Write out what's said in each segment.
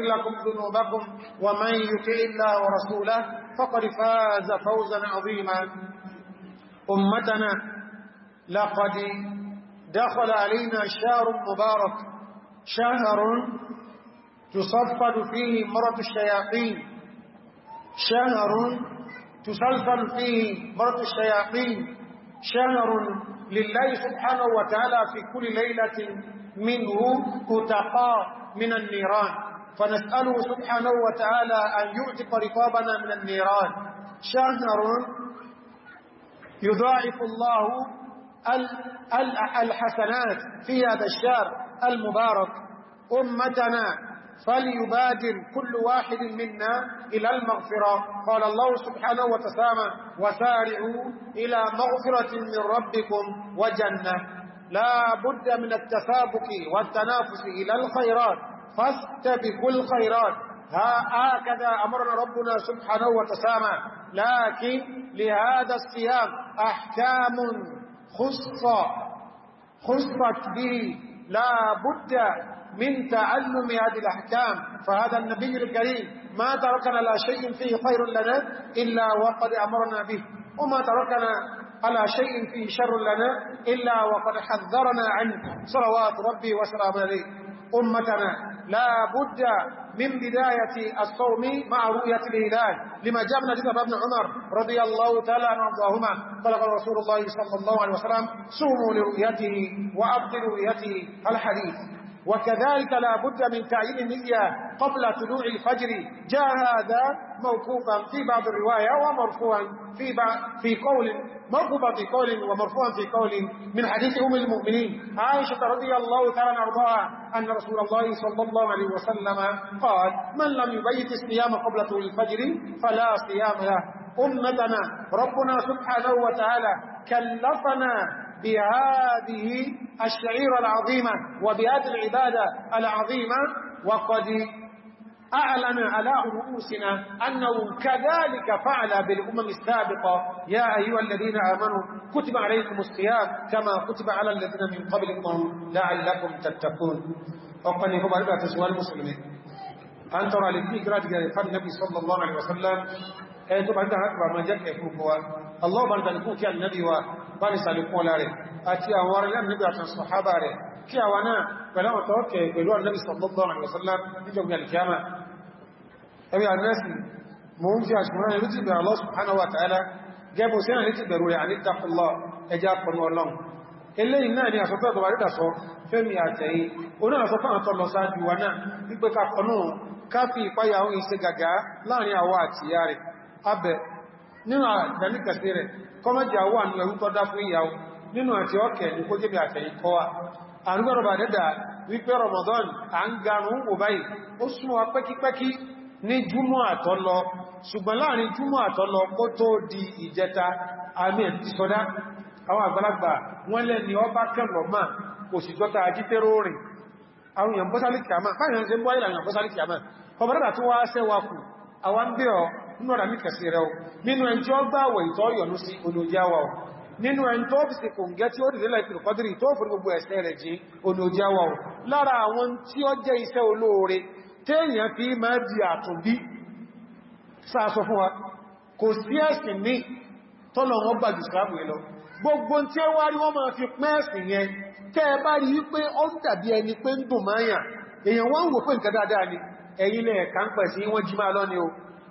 لكم ذنوبكم ومن يطع الله ورسوله فقد فاز فوزا عظيما أمتنا لقد دخل علينا شهر مبارك شهر تصفد فيه مرض الشياطين شهر تسلسل فيه مرض الشياطين شهر لله سبحانه وتعالى في كل ليلة منه كتقى من النيران فنسأله سبحانه وتعالى أن يعتق رقابنا من النيران شهر يضاعف الله الحسنات في هذا الشهر المبارك أمتنا فليبادر كل واحد منا إلى المغفرة قال الله سبحانه وتسامى وسارعوا إلى مغفرة من ربكم وجنة لا بد من التسابق والتنافس إلى الخيرات فاستبقوا الخيرات هكذا أمرنا ربنا سبحانه وتسامى لكن لهذا الصيام أحكام خصة خصت به لا بد من تعلم هذه الأحكام فهذا النبي الكريم ما تركنا لا شيء فيه خير لنا إلا وقد أمرنا به وما تركنا على شيء فيه شر لنا إلا وقد حذرنا عنه صلوات ربي وسلامه عليه أمتنا لا بد من بداية الصوم مع رؤية الهلال لما جاء من جذب ابن عمر رضي الله تعالى عنهما قال رسول الله صلى الله عليه وسلم صوموا لرؤيته وأبطلوا رؤيته الحديث وكذلك لا بد من تعيين النية قبل طلوع الفجر جاء هذا موقوفا في بعض الرواية ومرفوعا في في قول مرفوعا في قول ومرفوعا في قول من حديث أم المؤمنين عائشة رضي الله تعالى عنها أن رسول الله صلى الله عليه وسلم قال من لم يبيت الصيام قبل طلوع الفجر فلا صيام له أمتنا ربنا سبحانه وتعالى كلفنا بهذه الشعيرة العظيمة وبهذه العبادة العظيمة وقد أعلن على رؤوسنا أنه كذلك فعل بالأمم السابقة يا أيها الذين آمنوا كتب عليكم الصيام كما كتب على الذين من قبلكم لعلكم تتقون وقد لكم أربعة سؤال مسلمين أن ترى للإجراءات قال النبي صلى الله عليه وسلم أنتم عندها أكبر ما جاء يكون هو الله أن تكون النبي báni sàlékún ọlá rẹ̀ àti àwọn arìnrìn níbi àtàn sọ̀hábà rẹ̀ kí àwọn náà pẹ̀lú àwọn tọ́ọ̀kẹ̀ pẹ̀lú ànábì sallallahu alaihi wasallam níjọba alìkíyàmà ẹwẹ́ àdírẹ́sì mo ń fi àṣùmọ́rán ní lítìbẹ̀ Allah subhanahu wa ta'ala gẹ́bù sí àwọn lítìbẹ̀rù rẹ̀ àníkàfúnlọ ẹjá pọ̀nú ọlọ́run eléyìn náà ni àsọpẹ́ ọ̀tọ̀ wàrídà sọ fẹ́mi àtẹ̀yìn oná àsọpẹ́ àtọ́ lọ sáájú wa náà wípé ká pọ̀nú ká fi ìpáyà ohun ìṣe nínú àdàní kàtí rẹ̀ kọmọ́jì àwọn àwọn ẹrù tọ́dá fún ìyàwó nínú àti ọkẹ̀ ní kó jẹ́bí àtẹ̀yìn kọwa àrùgbọ́rọ̀bà dẹ́dà wípé Ramadan à ń garun wò báyìí ó súnmọ́ pẹ́kípẹ́kí ní júmọ́ àtọ́lọ ṣùgbọ́n láàrin júmọ́ àtọ́lọ kó tó di ìjẹta àmì àwọn àgbàlagbà wọ́n máa kò sì jọta rìn àwọn èèyàn bọ́sálì kìámà nínú ọ̀rà mítà sí rẹ̀ o nínú ẹn tí ó gbà wẹ̀ ìtọ́ yọ̀nú sí onójáwà o nínú ẹn tó fi sí kòǹgẹ́ tí ó dìde láìpìlù kọ́dìrì tó fún gbogbo ẹ̀sẹ̀ rẹ̀ jí onójáwà o lára àwọn tí ó jẹ́ iṣẹ́ olóore téèyàn fi máa di àtúnbí sáàsọ ni ẹ̀yin lẹ́ẹ̀kà ń pẹ̀ sí wọ́n jí máa lọ o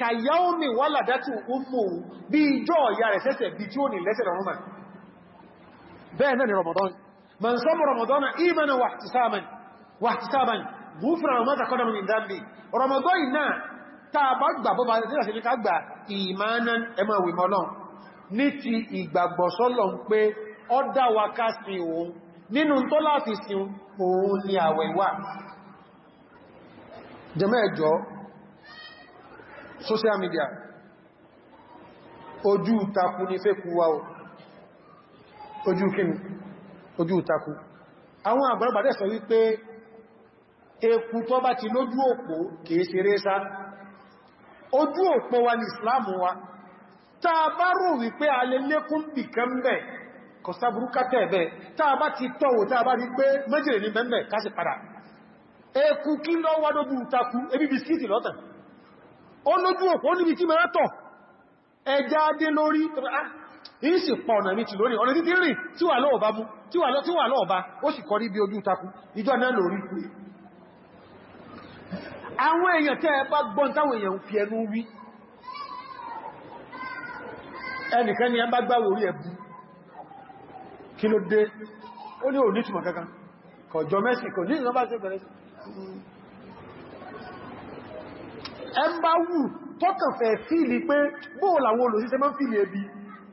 kàyàómi wà làdátù ummu bí ìjọ ìyá rẹ̀ sẹ́sẹ̀ bí tí ó ní lẹ́sẹ̀ rọ̀mọ̀dán bẹ́ẹ̀ náà ni rọ̀mọ̀dán man sọ́mù rọ̀mọ̀dán ìmàna wàhtisaban gúfúra rọ̀mọ̀dán kọ́nà min dhanbi rọ̀mọ̀dán náà ta bá gbà bọ́bá nílàsílẹ́ká gbà ìmánan ẹmọ ìwìmọ́lọ́n ní ti ìgbàgbọ́ sọ́lọ̀ ń pé ọ dáwà ká jẹ́mẹ́ ẹjọ́ social media ojú takú ní fẹ́ kú wa o ojú kíni ojú takú àwọn àgbàràbàdẹ́ sọ wípé eku tó bá ti lójú òpó kìí ṣeré sá ojú òpó wa ní islamu wa ta bá rò wípé alélékún bìkan bẹ̀ kọ̀sáburúkátẹ̀ bẹ̀ ta bá ti ta bá rí pé méjìlè ní bẹ̀m̀bẹ̀ kásì padà eku kí lọ wádógún ebi bisikiti lọ́tàn ó lójú òpó níbi tí mẹ́rẹ́ tọ̀ ẹja dé lórí ìyí sì pa ọ̀nà mi ti lórí ọ̀nà títí rìn tí wà lọ́ọ̀bá bú tí wà lọ́ọ̀bá ó sì kọrí bí ojú takú ìjọ náà lórí kú àwọn èèyàn tẹ́ ẹ bá gbọ́n táwọn èèyàn fi ẹnu wí ẹnìkan ni a bá gbáwò orí ẹ̀bù kí ẹmbá wù tọ́kàn fẹ́ fíìlì pé bóòlù àwọn olùsíṣẹ́ mọ́ fíìlì ẹbí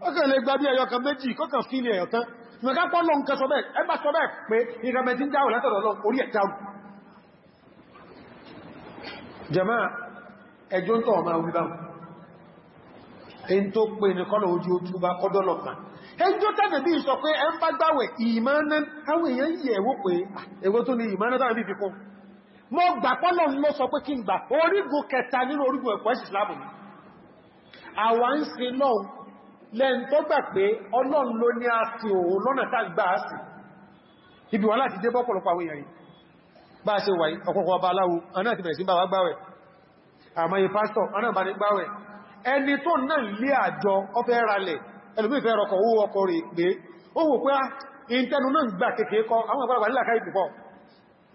ọkàn lè gbà bí ẹyọkan méjì kọ́kàn fíìlì ẹyọkan nígbà pọ́lọ ń kẹsọ bẹ́ẹ̀ ẹgbà sọ bẹ́ẹ̀ pé ìrẹmẹ tí ń dáwò látọ̀dọ̀ lọ orí ẹ̀dá jẹmọ́ ẹjọ́ ń tọ́ ọmọ wíbáwọ̀ èyí tó pè ní kọ́lọ̀ ojú ojúbá kọ́dọ́lọ̀pàá ẹjọ́ tẹ́lẹ̀ bí sọ pé ẹ ń bá gbáwẹ̀ ìmánán àwọn èèyàn yẹ̀ wó pé ewó tó ní ìmánán tàbí fi kún mo gbà pọ́lọ̀ lọ sọ pé kí n gbà orígun kẹta nínú orígun ẹ̀kọ́ ẹ̀sì Islam ni àwa ń ṣe lọ́un lẹ́n tó gbà pé ọlọ́run ló ní àti òun lọ́nà tá gbà á sí ibi wọn láti dé bọ́pọ̀lọpọ̀ àwọn èèyàn bá ṣe wà ọ̀pọ̀pọ̀ ọba aláwo aná àti bẹ̀rẹ̀ sí bá wá gbáwẹ̀ ní gbáwẹ̀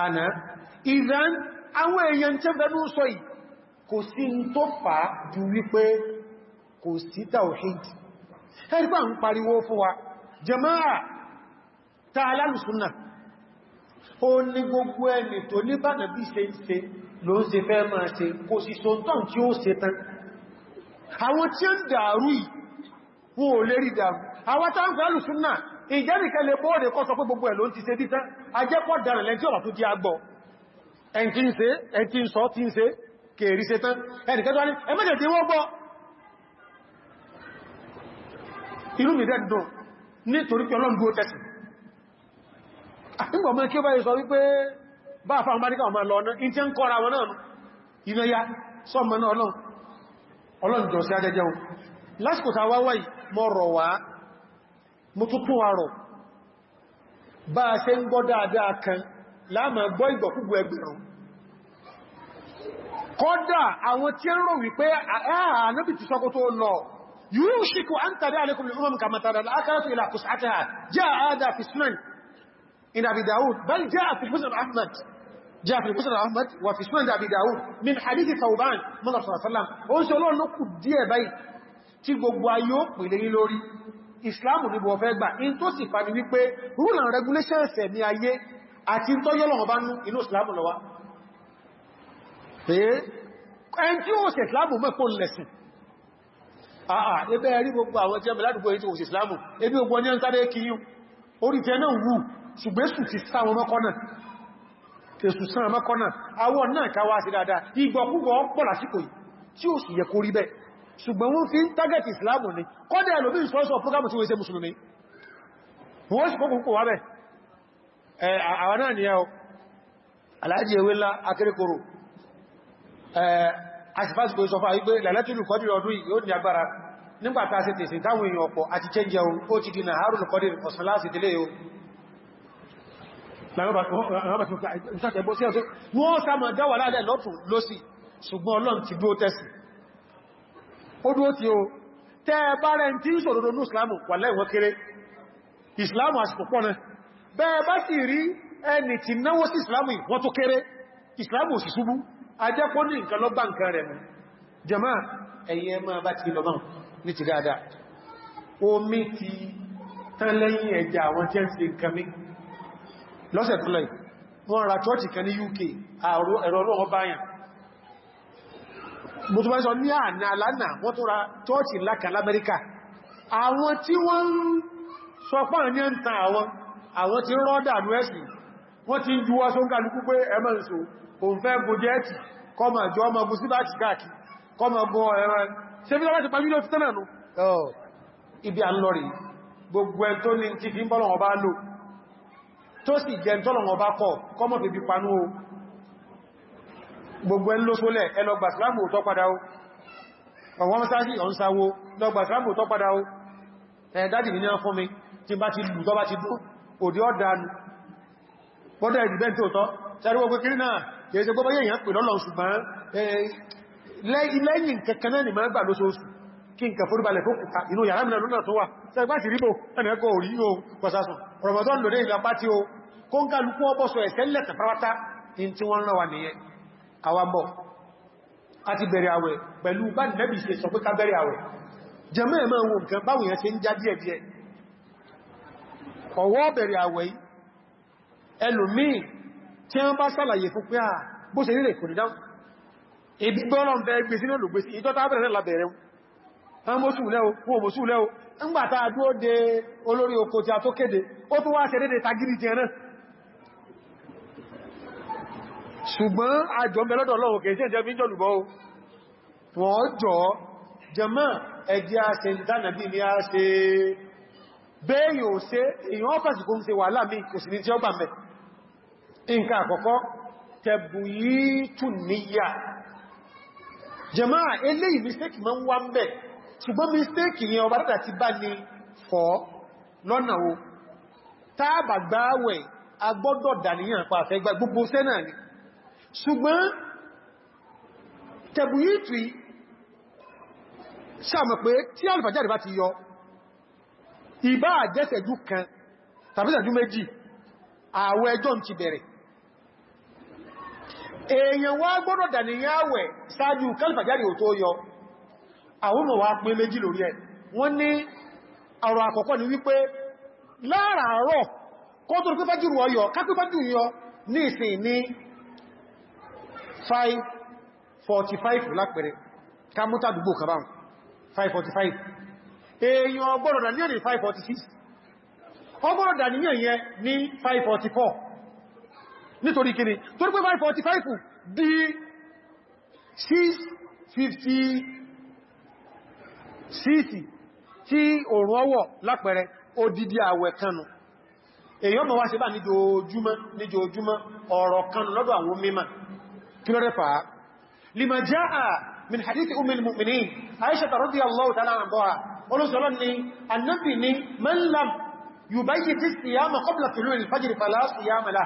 àná ìdán àwọn èèyàn tí bẹ̀rù sọ yìí kò sí ń tó fà á ju wípé kò sí tawhid ẹ̀rípa ń pariwo fún wa jama'a ta alálùsúnnà ó ní gbogbo ẹni tó ní bánàbí ṣe ń ṣe ló ń ṣe fẹ́ máa ṣe kò sí sọ́ntọ́n tí ó ṣe tán àwọn tí ń dàrú yìí wọn ò lérí dàrú àwọn tá fẹ́ alùsúnnà ìjẹ́rìkẹ́ lè bọ́ọ̀dẹ̀ kọ́ sọ pé gbogbo ẹ̀ ló ń ti ṣe dítán ajẹ́pọ̀ dára lẹ́tí ọ̀rọ̀ tó jẹ́ agbọ́ ẹn tí ń ṣe ẹn tí ń sọ tí ń ṣe kèrí ṣe tán ẹnìkẹ́ tó wá ní ẹmẹ́jẹ̀ tí wọ́n gbọ́ inú mi dẹ́dùn nítorí pé ọlọ́run dúó tẹ́sì nígbàmọ́ kí ó báyìí sọ wípé bá àfáà bá níkà ọmọ lọ ọ̀nà in tí ń kọ́ra wọn náà iná ya sọ́mọ náà ọlọ́run ọlọ́run jọ sí mo tún wa rọ̀ bá a ṣe ń gbọ́ dáadáa kan láàmà gbọ́ ìgbọ̀kúgbọ̀ ẹgbẹ̀rún kọ́dà àwọn tí ń rò wípé ah, ah, ànábì ti sọ́kọ́ tó lọ yóò ṣíkò án tàbí alẹ́kùn lè umar kamatara al'akaratu ila kusataha jẹ́ àádá fi sunan in abi daud bal jẹ́ a fi musulun ahmad jẹ́ a fi musulun ahmad wa fi sunan abi daud min hadithi tauban mọ́sàn sallam ó ìsìláàmù níbo ọ̀fẹ́ gbà in tó sì fani wípé rule and regulations ẹ̀mí ayé àti tọ́yọ́lọ́wọ́ bá ní inú ìsìláàmù lọ́wá ẹn tí ó ṣe ìsìláàmù mẹ́kún lẹ́sìn àà ẹbẹ́ rí gbogbo àwọn jẹ́ mẹ́ládùgbò èyí tí ó ṣe ìsìláàmù ebí ogun ọdún sáré kíyún orí tẹ́ náà wù ṣùgbésù ti sáwọn mọ́kọ́nà èsù sáwọn mọ́kọ́nà àwọn náà káwàá sí dáadáa ìgbọ̀kúgbọ̀ pọ̀ lásìkò yìí tí ó sì yẹ kó rí bẹ́ẹ̀ ṣùgbọ́n wọ́n fi ń target islam ni kọ́dẹ̀ ẹlòmí ìṣọ́ṣọ́ program tí wọ́n ṣe musulmi wọ́n sì kókò wà bẹ̀ àwọn náà ni ẹ́ aláàjì ewé ńlá akẹ́rẹ́kọrò asìfásitì kò sọfà wípé lẹ́lẹ́tìlù kọ́dìrì ọdún yóò ní agbára nígbàtà sí tèsì táwọn èèyàn ọ̀pọ̀ àti chẹ́njẹ ohun ó ti dínà àárùn kọ́dìrì ọ̀sán láti délé ohun wọ́n sá mọ̀ dáwà láàrẹ̀ lọ́tún ṣùgbọ́n ọlọ́run ti gbó tẹ́sì ó dúó tí ó tẹ́ bá rẹ̀ tí ń sòrò ní ìsìlámù wà lẹ́wọ̀n kéré ìsìlámù àsìkò pọ̀ náà bẹ́ẹ̀ bá sì rí ẹni tí náwó sí ìsìlámù wọ́n tó kéré ìsìlámù sì ṣubú ajẹ́pọ̀ ní nǹkan lọ bá nǹkan rẹ̀ UK àrò ẹ̀rọ ọlọ́wọ́ báyàn mo tó bá sọ ní àná alánà wọ́n tó ra chọ́ọ̀tì lákà l'Amẹ́ríkà àwọn tí wọ́n ń sọ pàà ní ń ta àwọn àwọn tí rọ́dà lúẹ́sì wọ́n ti ń ju wá sóńgà lúkú pé ẹmọ́nsò òun fẹ́ gojẹ́ẹ̀tì kọmọ jọ ọmọ bú sí láti káàkì kọmọ gọ ẹran ṣe fi láti pàmílò ti tánà nù ibi à ń lọ rí gbogbo ẹn tó ní ti fi ń bọ́lọ̀ ọba gbogbo ẹ ló sólẹ̀ ẹlọgbà islamu tó padà ó ọwọ́n mọ́sáájì ọ̀n sáwó lọgbà islamu tó padà ó ẹ̀dájì ní náà fún mi tí bá ti lù tọ́ bá ti dún òdí ọ̀dánù bọ́dẹ̀ ìdìbẹ́ntì òtọ́ sẹ́rẹ́wọ́ pé kiri Ramadan lòdé ìlàpá tí ó kó ń kálukú ọbọ̀sọ̀ ẹ̀sẹ́lẹ̀ tàfàwátá in tí wọ́n rán wa nìyẹn awabo ati bere awe pelu ba nabi se so pe bere awe jama e ma wo nkan ba wo yan se nja die die owo bere awe yi elomi ti an ba salaye fun pe a bo se nile ko ni dawo ebi bo lo nbe gbe sinu lo gbe si ijo ta bere la bere an mo su le o wo mo su le o ngba olori oko ti a to kede o tun wa se dede tagiri je ṣùgbọ́n àjọmẹ́ lọ́dọ̀ lọ́wọ́ kèèṣẹ́ jẹ́ bí jọlùbọ́ wọ́n jọ jẹmọ́ ẹgbẹ́ àṣẹ ìdánàbí ní àṣẹ bẹ́yìn ò ṣe èyàn ọ́fẹ́sì kó ń ṣe wàhálà mí kò sì ní tí ó gbà mẹ́ nǹkan àkọ́kọ́ tẹ̀bùyítù níyà jẹmọ́ eléyìí mistake mọ́ ń wá ń bẹ̀ ṣùgbọ́n mistake yẹn ọba dada ti bá ní agbọ́dọ̀ dàníyàn pàfẹ́ gbogbo sẹ́nà ni ṣùgbọ́n tẹ̀bùyìtì sàmọ̀ pé tí alìfàjáde bá ti yọ ìbá àjẹ́sẹ̀jú kan tàbísẹ̀jú méjì àwẹ̀ ẹjọ́ ti bẹ̀rẹ̀ èèyàn wá gbọ́dọ̀ dàníyàn àwẹ̀ sáájú kálìfàjáde ò tó yọ àwọn ọmọ wa pín méjì lórí ẹ̀ wọ́n ní ọ̀rọ̀ àkọ́kọ́ ni wípé láàràárọ̀ kó tó rí pípájú rú ọyọ̀ ká pípájú yọ ní ìsìn ní 545 lápẹẹrẹ ká mú tàdúgbò kàbáhùn 545 èèyàn ọgbọ́rọ̀ dàníyàn ní 546 ọgbọ́rọ̀ dàníyàn yẹn ní 544 nítorí kiri torí pé 545 di 650 tí òrùn ọwọ̀ lápẹẹrẹ odidi àwẹ̀ kanu èèyàn mọ̀ wá ṣe bá níjòójúmọ́ níjòójúmọ́ ọ̀rọ̀ kanu lọ́dọ̀ àwọn mímọ̀ kí ló rẹ̀fà lima jaa min hadithi umar mu'minin aisha ta radiyallahu ta'ala anha olóṣèlọ́n ni annabi ni man lam yubayyi ti siyama qabla tulu al-fajr fala siyama la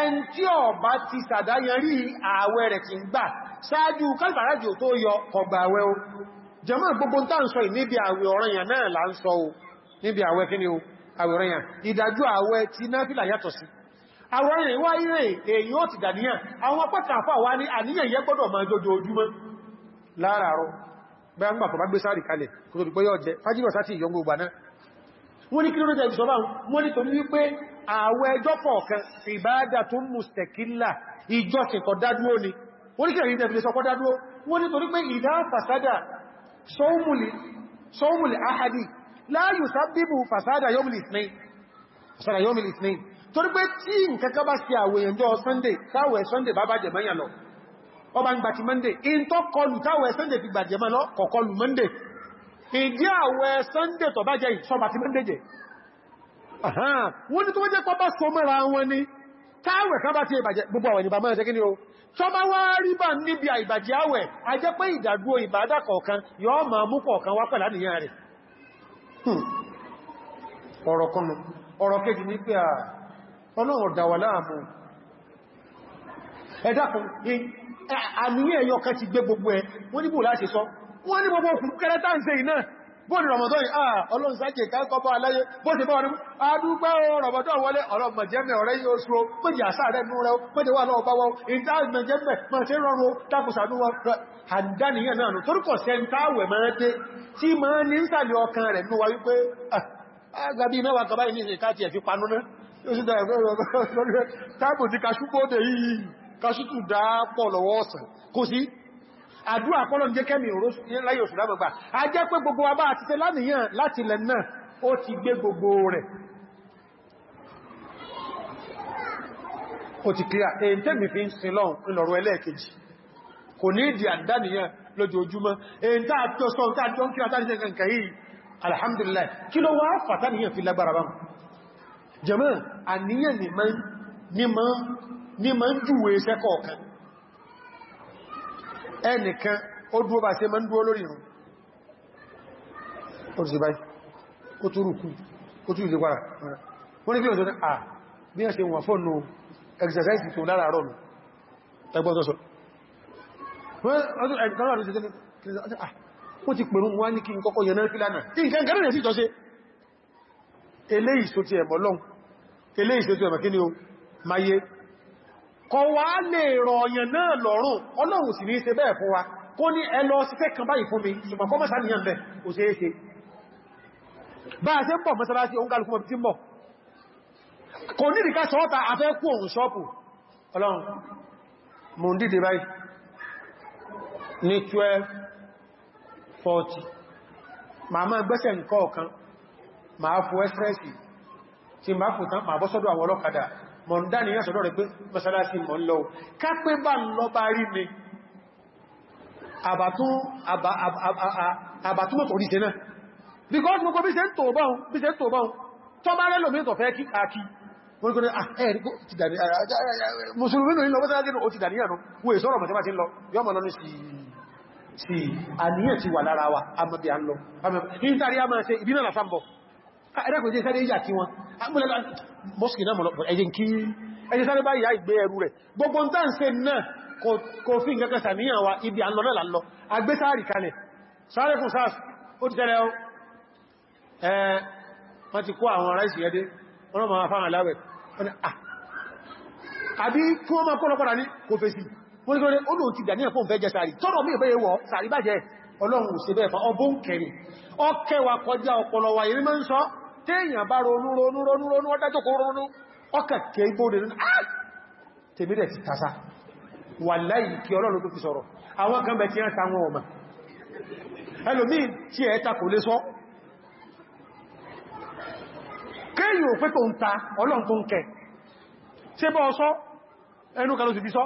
ẹn tí ó bá ti sàdáyẹrí ààwẹ̀ rẹ̀ ti ń gbà sáájú kálbàrájò tó yọ kọgbà àwẹ̀ o jẹmọ́ gbogbo tán sọ níbi àwẹ̀ ọ̀ranyàn náà là ń sọ o níbi àwẹ̀ kí ni o àwẹ̀ ọ̀ranyàn ìdájú àwẹ̀ tí náà fìlà yàtọ̀ sí àwọn ìrìn wá ìrìn èyí ó ti dàníyàn àwọn apáta àfà wá ní àníyàn yẹ gbọ́dọ̀ máa jọjọ ojúmọ́ láàárọ̀ bẹ́ẹ̀ ń gbà fọ́bá gbé sáàrì kalẹ̀ kò tó dìgbọ́ yọ jẹ fájírọ̀ sáti ìyọ́n gbogbo náà wọ́n ní kí lórí ẹ̀sọ́ bá wọ́n ní torí wípé àwẹ̀ ẹjọ́ kọ̀ọ̀kan ìbáadà tó mùsẹ̀kílà ìjọsìn fasada sọ́ọ̀mùlì ahadi láàyù sábíbù fasada yọ́mùlì ìtìní torí pé tí nǹkankan bá sí àwòyàn jọ sunday táwẹ̀ sunday bá bàjẹ̀ mẹ́yàn lọ ọba ń gbàtí monday in tó kọlù táwẹ̀ sunday fi gbàjẹ̀ mẹ́lọ kọ̀kọlù monday ìdí àwẹ̀ sunday tó bàjẹ̀ so mẹ́ra wọn ni táwẹ̀ kan bá ti ìbàjẹ́ gbogbo àwẹ̀ ìbàmọ́ ẹ̀ṣẹ́ kí ni o tó bá wá rí bá níbi àìbàjẹ́ àwẹ̀ a jẹ́ pé ìdàdúró ìbàdà kọ̀ọ̀kan yọ́ ma mú kọ̀ọ̀kan wá pẹ̀lá nìyàn rẹ̀ hmm. ọ̀rọ̀ kọnu ọ̀rọ̀ kejì ní pé àà ọlọ́run dá wa láàmú ẹ̀dàkùn àníyàn ẹ̀yọ kan ti gbé gbogbo ẹ̀ wọ́n níbò láti sọ wọ́n ní gbogbo òkùnkú kẹrẹ táǹsẹ̀ iná bóòdì Ramadan àà ah, ọlọ́run sáàkì ìkáẹ́kọ́bá aláyé bó ti bọ́ọ̀rún adúgbà Ramadan wọlé ọlọ́mọ̀ jẹ́mẹ̀ ọ̀rẹ́ yóò ṣúró pẹ̀lú àṣà rẹ̀ nú rẹ̀ pẹ̀lú wà lọ́wọ́ báwọ́ ìtàgbẹ̀ jẹ́mẹ̀ máa ṣe rọrùn takùsànú wọn àdánìyàn náà nù torúkọ̀ sẹ́ntàwẹ̀ máa tẹ́ tí máa ní ń sàlẹ̀ ọkàn rẹ̀ nú wa wípé àgbàbí ah, mẹ́wàá kọba ìní ìkáàtì ẹ̀fí panúná ó sì dáa ẹ̀fẹ́ táàbù ti kaṣúgbóde yìí kaṣútù dá pọ̀ lọ́wọ́ ọ̀sán kò sí àdúrà pọ́lọ̀ jẹ́ kẹ́mì láyé oṣù lábàgbà a jẹ́ pé gbogbo wa bá àti tẹ́ lánìyàn láti lẹ náà ó ti gbé gbogbo rẹ̀ ó ti kíyà èyí tẹ́mì fi ń sin lọ́n ìlọ̀rọ̀ ẹlẹ́ẹ̀kejì kò ní ìdí àdánìyàn lójoojúmọ́ èyí tàà tó sọ alhamdulillah kí ló wá fàtánìyàn fi lágbára báwọn jẹ́mọ́ àníyàn ní ma ń júwe iṣẹ́ kọ̀ọ̀kan ẹnìkan ó dúó bá ṣe ma ń dúó lórí ìrun ó ti báyìí ó tó rùkú ó tó ìlú wára wọ́n ní bí ọ̀tọ́ à bí ẹ̀ ṣe wà fóònù exercise tó lára rọ̀ nù ẹgbọ́n tọ́sọ wọ́n ti pẹ̀rún wá ní kí n kọ́kọ́ yẹn náà fílànà eléyìí tó ti ẹ̀mọ̀ lọ́n eléyìí tó ti o máyé kọ wá lè rọ̀ọ̀yàn náà lọ́rùn ọlọ́run sì ní ṣe bẹ́ẹ̀ fún wa kó ní ẹlọ sífẹ́ kan báyìí fún mi ṣùgbọ́n kọ́ mọ́sánìyàn bẹ̀ kò ṣe é ṣe bá a ṣe ń pọ̀ mọ́sánásí oún kálukú mọ̀ máa fò ẹ́sírẹ́sì tí máa fò tán máa bọ́ sọ́dọ̀ àwọn ọlọ́kadà mọ̀ ń dá níyàn sọ́dọ̀ rẹ̀ pé mọ́sálásí mọ̀ ń lọ ká pé bá ń lọ bá rí mi àbàtúmọ̀ tó rí se náà because mo kò bí se ń tò báhùn bí se ń tò báhùn tó bá rẹ́ lòmí ìtọ̀fẹ́ kí àkí wọ́n kò ní àhẹ́rí ah, kó ti dàní mùsùlùmí ti dàní ẹ̀nà wo ìsọ́rọ̀ mọ̀tẹ́mà ti lọ yọ́ mọ̀ lọ́nà sí àníyàn ti wà lára wa a mọ̀ bí a ń ẹ̀dàkùn jẹ́ sáré yà kí wọn mọ́sùkì náà mọ̀lọ́pọ̀ ẹ̀yìn kí ẹjẹ́ sáré bá ìyá ìgbé ẹrù rẹ̀ gbogbo ń tàn se náà kò fi nǹkan sàníyàn wa ibi àlọ́ náà lọ agbé sáàrì kalẹ̀ sáré fún sars ó ti tẹ́lẹ̀ ẹ́ wọ́n ti kó àwọn ará ìsìn ẹdé wọ́n máa fáwọn aláwẹ̀ ah! àbí kí wọ́n máa kọ́ lọ́pàá ní kò fèsì wọ́n ní kọ́lẹ̀ olóòrùn ti dàníyàn fún fẹ́ jẹ sàárì kẹrin ọkẹwà kọjá ọpọlọ wa ìrí máa ń sọ téèyàn bá ronú ronú ronú ronú ọdájọ́ kó ronú ọkàkẹ́ ibóde ah! tèmídẹ̀ ti tàṣà wà láì kí ọlọ́run tó fi sọ̀rọ̀ àwọn kan bẹ̀ tí ẹ́ta wọn ọmọ ẹlòmí tí ẹ̀ẹ́ta kò lè sọ kéyìn òpé tó ń ta ọlọ́run tó ń kẹ ṣe bọ́ ọsọ́ ti sọ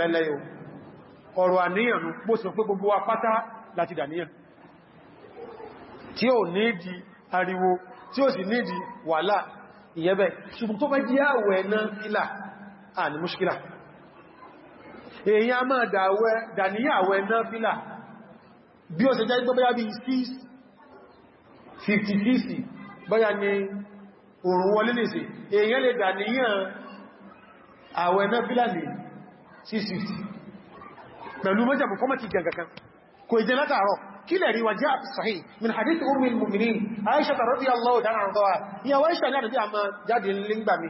ike ọ̀rọ̀ àníyànú bó sì pé gbogbo wa pátá láti dàníyàn tí ó nídi ariwo tí ó sì nídi wàhálà ìyẹ́bẹ̀ ṣùgbọ́n tó bá jí àwẹ̀ náà fílà à ní múṣkílà èyàn máa dàníyàn àwẹ̀ náà fílà bí ó ṣe jẹ́ ni òrùn lè dàníyàn àwẹ̀ náà fílà ní pẹ̀lú mọ́jàmù kọ́mọ̀ ti gẹ̀gẹ̀kan kò ìjẹ látàárọ̀ kí lẹ̀rí wa jẹ́ sahih min hadith ummi al-mu'minin aisha radhiyallahu ta'ala anha ya wa aisha nabi amma jadi lingba mi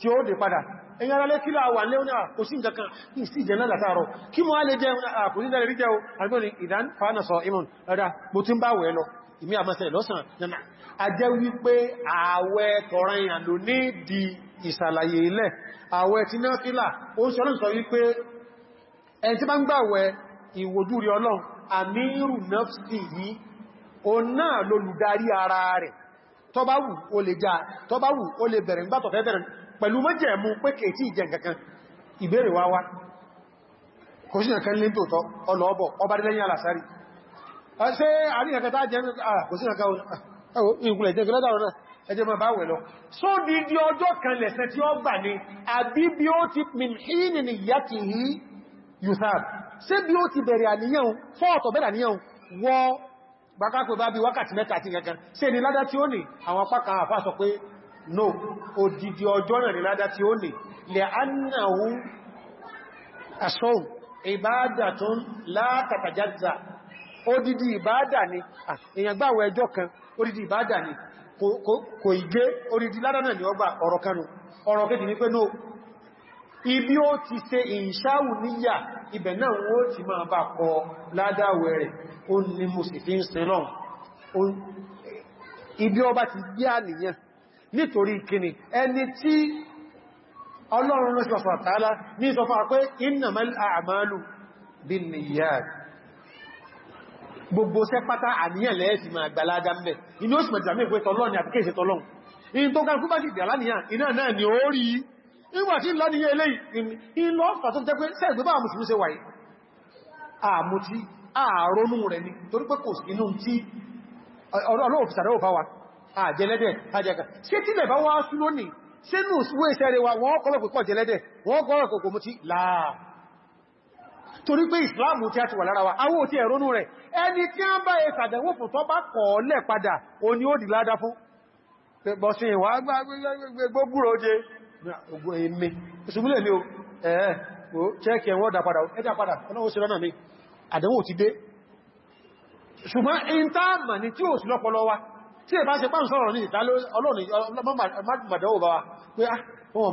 tí ó dé padà ẹ̀yin ará lé kí la wà lé ona ah, kò sí nǹkan ni sí jẹ látàárọ̀ kí mo ale jẹ ona ah, kò ní lè rí jẹ o agbo ni idan jẹ́ wí pé ẹni tí bá ń gbàwẹ̀ ìwòjú rí ọlọ́run àmírù nafsi yìí o náà lólùdarí ara rẹ̀ tó bá wù ó lè já tó bá wù ó lè bẹ̀rẹ̀ nígbà tó fẹ́ bẹ̀rẹ̀ pẹ̀lú mọ́jẹ̀mú pé kèèkì ìjẹ nǹkankan ìbéèrè wá wá kò sí nǹkan lé tòótọ́ ọlọ́ọ̀bọ̀ ọba dé lẹ́yìn alàsárí ṣe àríyànkẹta ẹjẹ́ ma bá wẹ̀ lọ só di ọjọ́ kan lẹ̀sẹ̀ tí ó gbà ní àbí bí ó ti min hínì ni yàtì yìí yuthab ṣe bí ó ti bẹ̀rẹ̀ àníyàn fọ́ọ̀tọ̀ bẹ̀rẹ̀ àníyàn wọ bàkápẹ̀ bá bí wákàtí mẹ́ta àti kankan ṣe ni ládá tí ó ní àwọn apákan àfá sọ pé no odidi ọjọ́ náà ni ládá tí ó ní lè annahu asọ́un ìbáadàtún látàtàjáza odidi ni èyàn gbáwọ ẹjọ́ kan odidi ni kò ìgbé odidi ládá náà ni ọgbà ọ̀rọ̀ kanu ọ̀rọ̀ ni pé no ibi ó ti ṣe ìṣáwù níyà ibẹ̀ náà wọ́n ti máa bá kọ ládáwẹ̀ rẹ̀ ó ní mo sì fi ń sin lọ́n ibi ọba ti gbé àníyàn nítorí kìnnì ẹni tí ọlọ́run lọ́sí ọ̀sọ̀ àtàlá ní ìsọfà pé innamal a'malu binniyat gbogbo ṣẹ́ ni àbíkẹ́ nígbà tí lọ níye ilé ìlọ́ ọ̀fà tó jẹ́ pé sẹ́gbẹ́ bá mùsùlùmí ṣe wáyé àmútí ààrónú rẹ̀ ni torí pé kò inú tí ọlọ́ọ̀fìsàdọ́wò bá wa àjẹlẹ́dẹ̀ àjẹ́gà ṣe tí lẹ̀ bá wá sí lónìí ṣe nù wé sẹ́rẹ̀ wa wọ́n kọ́rọ̀ pẹ̀kọ́ jẹlẹ́dẹ̀ wọ́n kọ́rọ̀ kòkò mú tí láà torí pé ìsìláàmù tí a ti wà lára wa awó tí ẹ̀rónú rẹ̀ ẹni tí a ń bá ẹ̀sàdẹ̀wò fún tọ́ bá kọ̀ọ́lẹ̀ padà o ni ó dì ládá fún bọ̀sìn ìwà gbogbo oje ogun èmì ìṣùgbúlẹ̀ mi o ẹ̀ẹ́ chẹ́kì ẹ̀wọ́n dà padà ẹjà padà ọlọ́wọ́ sí lọ́nà mi àdánwò ti dé ṣùgbọ́n in táàmà ni tí ó sì lọ́pọlọ wa tí ẹ bá ṣe pàrùn sọ́rọ̀ ní ìtàlẹ́ ọlọ́rin wọ́n bá wọn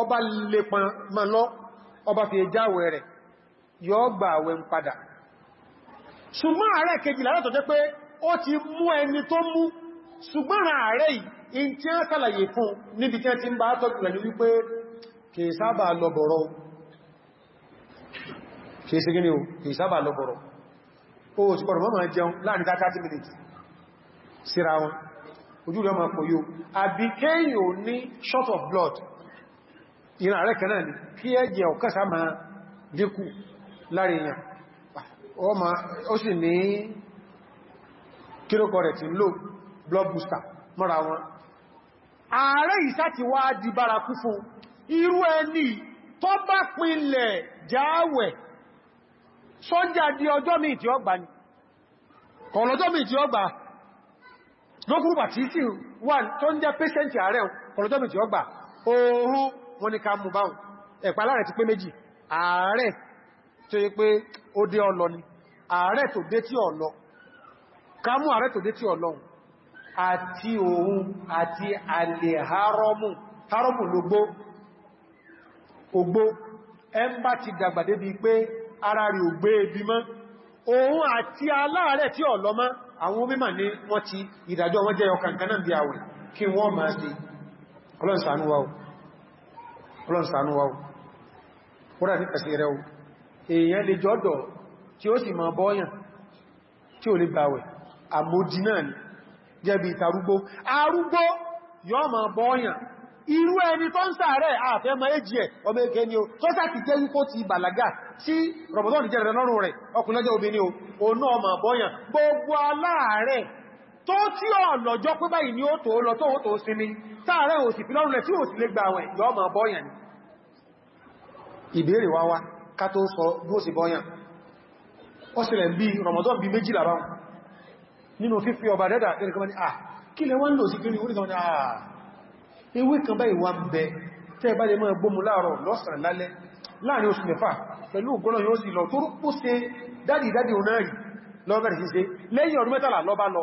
ọba lè pọn lọ ọba fi jáwẹ̀ rẹ̀ yọ gbà àwẹ̀ ń padà ṣùgbọ́n ààrẹ kejìlá látọ̀ jẹ́ pé ó ti mú ẹni tó mú ṣùgbọ́n ààrẹ yìí tí a sàlàyé fún níbi tí a ti ń bá tọ́jú rẹ̀ ní wípé kìí sábà lọ́bọ̀rọ̀ ojú rẹ̀ máa pọ̀ yóò àbí ò ní short of blood ìran rẹ̀ kanáà ni kí ẹjẹ̀ ọ̀kásá ma láàrin ya ó sì ní kírókọ rẹ̀ tí ń lò blood mọ́ra wọn ààrẹ ìsá ti di fún irú ẹni tọ́ bá pínlẹ̀ jáwẹ̀ sọ́njà di ọjọ́ mi tí ó gbà ní mi tí ó gbà sí wà tó ń jẹ́ pẹ́sẹ̀ntì mi tí ó gbà wọ́n ní ká mú báhùn ẹ̀pà láàrẹ̀ ti pé méjì ààrẹ tó yí pé ó dé ọlọ ni ààrẹ tó dé tí ọlọ ká mú ààrẹ tó dé tí ọlọ àti òun àti àlè haramu haramu lógbó ògbó ẹmbá ti dàgbà débi pé ara rí ògbé ebi mọ́ òun àti aláàrẹ̀ tí ọlọ mọ́ àwọn mímọ̀ ní wọ́n ti ìdájọ́ wọ́n jẹ́ ọkànkaná bí àwẹ̀ kí wọ́n máa ṣe ọlọ́nsànúwà ọlọ́run ṣàánú wa kúrò ní pẹ̀sẹ̀ rẹ̀ èèyàn lè jọ́dọ̀ tí ó sì máa bọ́yàn tí ó lè gbàwẹ̀ àmójì náà ni jẹ́bi ìtàrúgbó arúgbó yọ́ máa bọ́yàn irú ẹni tó ń sàárẹ̀ àfẹ́ ma éjì ẹ̀ ọmọ ẹgbẹ́ ni o tó sàti jẹ́ wípó ti bàlágà tí rọ̀bọ̀dọ́ ìjẹ́ rẹ̀ lọ́rùn rẹ̀ ọkùnlẹ́jẹ́ obìnrin o náà ma bọ́yàn gbogbo aláàrẹ̀ tó tí ọ̀lọ́jọ́ pé báyìí ni ó tó lọ tó ó tó sinmi táàrẹ́ òsì fi lọ́rùn rẹ̀ tí ó sì lè gba àwẹ̀ yọ́ ma bọ́yàn ni ìbéèrè wá wá ká tó sọ bí ó sì bọ́yàn ó sì lẹ̀ bí Ramadan bí méjìlá báhùn nínú fífí ọba dẹ́dà ah, lọ́bẹ̀rẹ̀ sí ṣe lẹ́yìn ọdún mẹ́tàlá lọ́bá lọ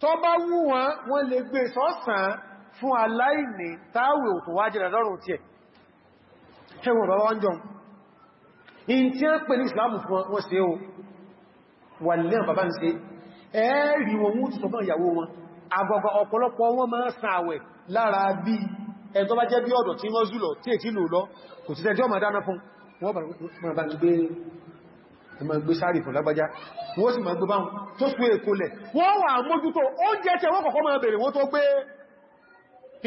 tó bá wú wọn wọ́n lè gbé sọ́sàn fún aláìní táwì òtò wájẹ̀ lọ́rùn tí ẹ̀ ẹwọ̀n bàbá wọ́n jọun in tí ó pè ní ìsìlámù fún wọ́n sí o wà lẹ́n bàbá ń ṣe ẹ́rì wọn mú tuntun fún ìyàwó wọn agbọ̀gbọ̀ ọ̀pọ̀lọpọ̀ wọn máa sàwẹ̀ lára bí ẹ̀ tó bá jẹ́ bí ọ̀dọ̀ tí wọ́n zúlọ tí èkí lò lọ kò ti tẹ́ ẹmọ gbé sáàrì fún lágbàjá wọ́n sì máa gbé báhùn tó sún èkó lẹ̀ wọ́n wà mójútó oúnjẹ tẹ wọ́n kọ̀kọ́ máa bèèrè wọ́n tó gbé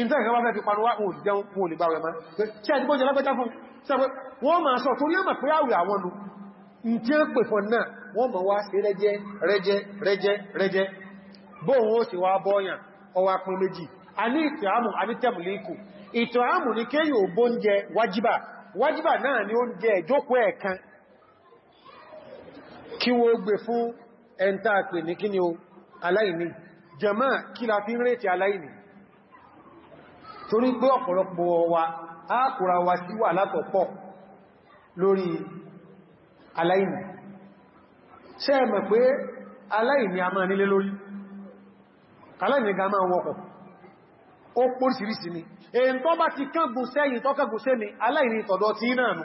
ìntẹ́rẹ̀ wọ́n fẹ́ fi panuwa òun jẹun fún olè báwẹ̀ máa tí a ti gbọ́njẹ lágbàjá fún sẹ́pẹ́ wọ́n máa sọ torí ọmọ pé àwẹ̀ àwọn nù tí ó pè fún náà wọ́n máa wá sí rẹ́jẹ́ rẹ́jẹ́ rẹ́jẹ́ rẹ́jẹ́ bóun ó sì wá bọ́yàn ọwá pín méjì a ní ìtọ̀ámù àbí tẹ̀mùlíkù ìtọ̀ámù ní kéyò bóúnjẹ wájíbà wájíbà náà ni oúnjẹ ìjókòó kan. kí wọ́n gbé fún ẹntà pè ní kí ni o aláìní jẹmọ́ kí la fi ń rètí aláìní torí pé ọ̀pọ̀lọpọ̀ wa ákùra wa sí wà látọ̀pọ̀ lórí aláìní ṣé ẹ pé aláìní a máa nílé lórí aláìní ga máa wọ́pọ̀ ó pórísìírísìí ni èyí tó bá ti kángun sẹ́yìn tọ́kángun sẹ́ni aláìní tọ̀dọ̀ náà nù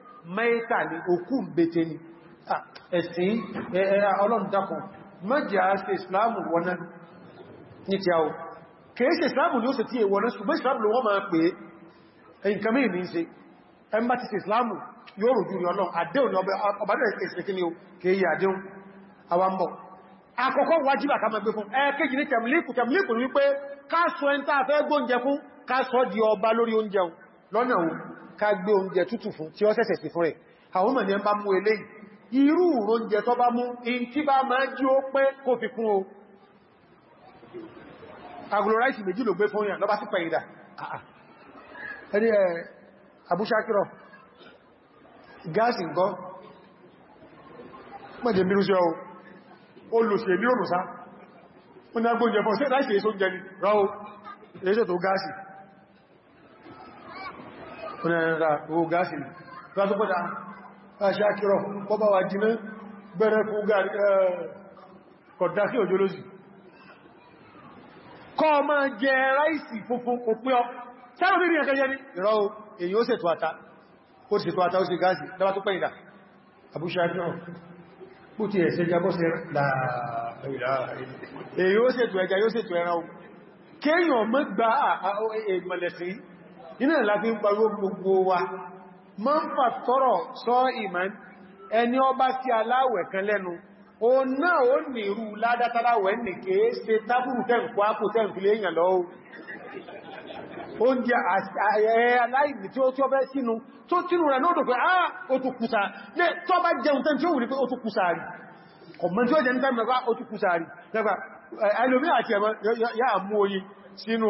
mẹ́ta ní òkú bètè ní ẹ̀sìn ọlọ́ndàpọ̀ mọ́jẹ́ àṣẹ islamu wọná ní ti àwọ̀ kèéṣe islamu ló sì tí è wọná ṣùgbọ́n islamu ló wọ́n máa pè é nǹkan mìí ní ṣe ẹmbàtí islamu yóò rò jùlọ náà àdéhùn ọbẹ̀ àkọ́kọ́ wájíbà ká máa gbé fún ẹ̀kejì ní tẹ̀mìlìkù tẹ̀mìlìkù ní wípé ká sọ ẹntà ká gbé oúnjẹ tútù fún tí ó sẹ̀sẹ̀ sí fún rẹ̀ àwọn mọ̀ ní ẹmbá mú elé irú oúnjẹ tó bá mú in tí bá máa jí ó pẹ́ kó fi kún o agloraiti méjì ló gbé fún yàn lọ́bá sí pẹ̀yìdà ah, ah. ẹni ẹ̀ abúṣákírọ̀ gáàsì nǹkan mọ́jẹ̀ mínú sí ọ olùsè ní òrùsá wọ́n ni agbóúnjẹ fọ́ sí láìsẹ̀ èso jẹ ni rọ́ èso tó gáàsì fún ẹ̀rẹ́ra owó gáàsì ní látọ́pọ̀dá aṣákírọ̀ ah, pọ́bá wà jí náà bẹ̀rẹ̀ kú kọ̀dá sí òjò lóṣì kọ́ ma jẹ ráìsì funfun òpin ọ sáàrùn ní ìrìnkẹ́ jẹ́ ní ìrọ́ èyí ó sètò àta ó sètò àta ó sì gáàsì dábá tó pẹ́yìdà àbúṣà iná láti ń pariwo gbogbo wa ma ń fà tọ́rọ̀ sọ ìmán ẹni ọba sí aláwẹ̀ kan lẹ́nu o náà ó ní irú ládátaláwẹ̀ ní kèé ṣe tábùrù tẹ́ǹkú ápù tẹ́ǹkìlẹ̀ èèyàn lọ oúnjẹ aláìní tí ó tí ó bẹ́ sínú tó tínú rẹ̀ náà dòkú àà òtùkùsà ní ah, tó bá jẹun tẹ́ tí ó wù pé òtùkùsà rí kọ̀mọ̀ tí ó jẹ ní tẹ́mẹ̀kọ́ òtùkùsà rí ẹlòmí àti ẹ̀mọ́ yá àmú oyi sínú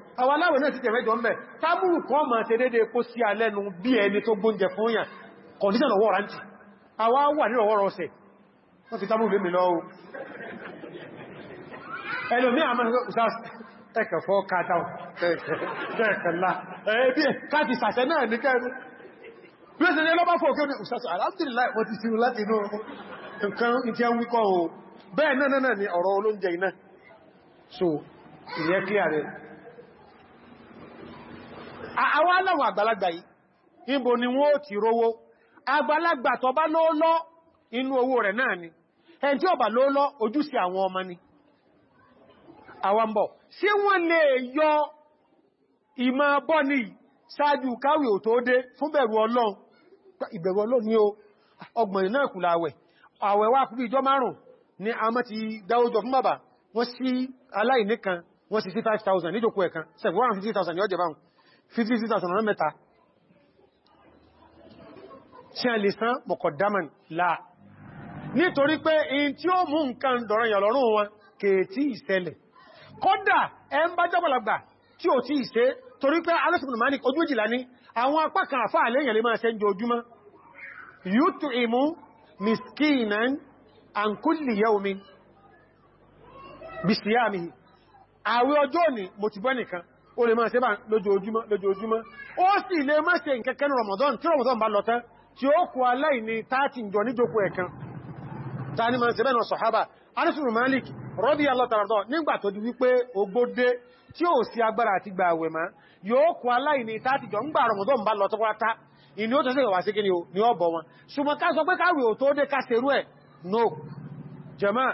àwọn aláwẹ̀ náà ti tẹ̀ mẹ́jọ mẹ́ tábùrù kan ma ṣe dédé kó sí alẹ́nu bí ẹni tó gbóúnjẹ fún yàn kọ̀díṣàn ọwọ́ rántí àwa wà ní ọwọ́ rọ̀ọ̀sẹ̀ wọ́n ti tábùrù mi lọ ẹlòmí àmà ẹkẹ̀fọ́ kátàun kẹ́ẹ̀kẹ́lá ẹbí káàkì sàṣẹ náà ní kẹ́ẹ̀rù bí ó sì ní ọlọ́bá fún òkè ní ìṣàṣọ aláàtìrìláì wọ́n ti ṣíru láti inú nǹkan ìtí ẹwú kọ́ o bẹ́ẹ̀ náà náà ni ọ̀rọ̀ olóúnjẹ iná so ìyẹ́ clear àwọn aláwọ̀ àgbàlagbà yìí níbo ni wọ́n ti rówó àgbàlagbà tó bá lóólọ́ inú owó rẹ̀ náà ni ẹn tí ó bá lóólọ́ ojúṣe àwọn ọmọ ni àwọ̀mbọ̀ ṣé wọ́n lè yọ ìmọ̀ bọ́ ní ṣáájú káwì ò tó dé fún bẹ̀rù ọlọ́run ni ó ọgbọ̀n náà kùlà àwẹ̀ àwẹ̀ wà kúrò ìjọ ni a mọ́ ti dáwójọ fún bàbá ni ọjẹ̀ báhùn 56,000 ọ̀nà mẹ́ta ṣe a lè san mọ̀kọ̀dáman láà nítorí pé in tí ó mú nǹkan dọ̀rọ̀ yà lọ́rùn wọn kèètí ìṣẹ̀lẹ̀ kódà ẹn bá jábọ̀lagbà tí ó ti ìṣẹ́ torí pé alẹ́sìnkú mani ojú ìjìlá ní àwọn apá kan àfáà lẹ́yìn lè ó lè máa ṣe bá lójoojúmọ́ lójoojúmọ́ ó sì lè máa ṣe nkẹ́kẹ́ ní Ramadan tí Ramadan bá lọ tí ó kú aláìní tààtì ìjọ níjòkó ẹ̀kan ta ni máa ṣe bẹ́ẹ̀ náà sọ̀hábà arísùrù Malik rọ́bí nígbà tó di wípé ogbódé tí ó sí agbára àti gbà jẹ́mà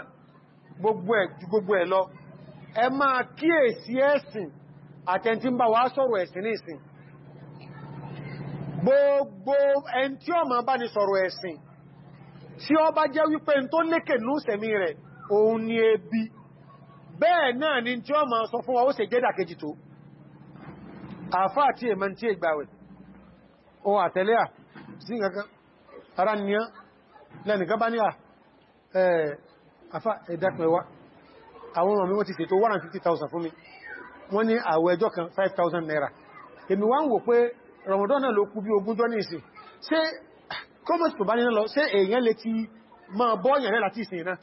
gbogbo ẹ̀ àtẹntí ń bá wá sọ̀rọ̀ ẹ̀sìn ní ìsìn gbogbo ẹn tí ó máa bá ní sọ̀rọ̀ ẹ̀sìn tí ó bá jẹ́ wípé n tó lékè ní sẹ̀mí rẹ̀ òun ni ebi bẹ́ẹ̀ náà ni tí ó máa sọ fún wa ó ṣe jẹ́dà kejì tó àfá àti èmẹ́ tí àwọn ọmọ mi wọ́n ti ṣètò 150,000 fún mi wọ́n ní àwẹ̀ ẹjọ́ kan 5,000 naira èmi wá ń wò pé Ramadan náà ló kú bí ogúnjọ́ ní ìsìn ṣe kọ́mọ̀sì tó bá ní lọ ṣe èèyàn lè ti máa bọ́ọ̀yàn rẹ̀ láti ìsìn náà